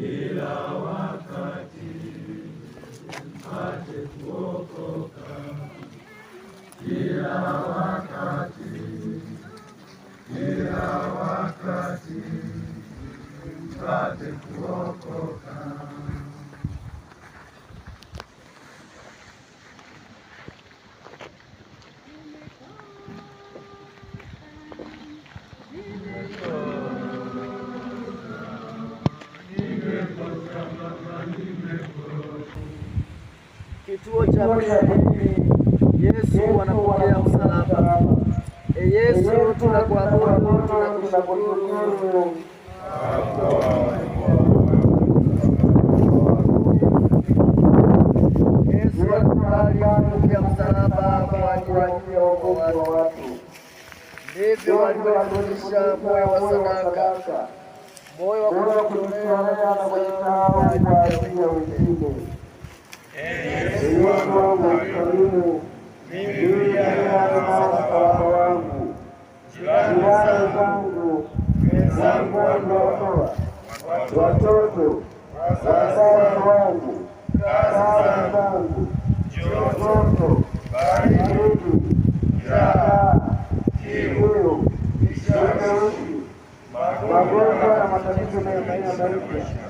kila wakati mpate kuokoka, kila wakati, kila wakati mpate kuokoka. Kituo cha Yesu wanapokea msalaba. E Yesu, tunakuabudu tunakushukuru. Yesu alikubali msalaba kwa ajili ya watu, ndivyo alivyotufundisha moyo wa sadaka, moyo wa kujitolea na kujitoa kwa ajili ya wengine. Niliyopo mwakarimu mimi yaliana baba wangu, jirani zangu, wenzangu waliotoa, watoto, wazazi wangu, kazi zangu, joto, baridi, njaa, kiu, kitoweo, magonjwa na matatizo mengi ya maisha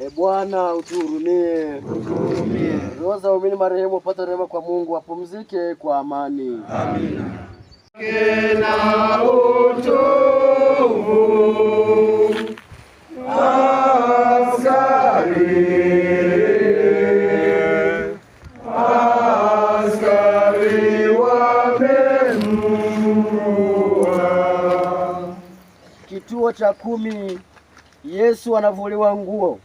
E Bwana utuhurumie, utuhurumie. marehemu wapate rehema kwa Mungu, apumzike kwa amani. Amina. Kituo cha kumi, Yesu anavuliwa nguo.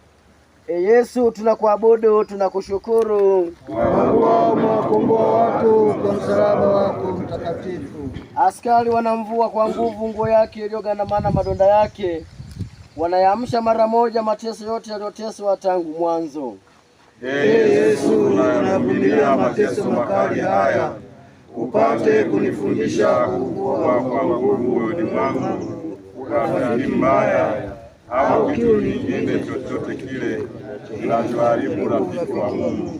E Yesu, tunakuabudu, tunakushukuru kwa kuwa umewakomboa watu kwa msalaba wako mtakatifu. Askari wanamvua kwa nguvu nguo yake iliyogandamana madonda yake, wanayamsha mara moja mateso yote yaliyoteswa tangu mwanzo. E Yesu, unayavumilia mateso makali haya upate kunifundisha kuugua kwa nguvu ulimwangu ukatili mbaya au kitu kingine chochote kile kinachoharibu rafiki wa Mungu.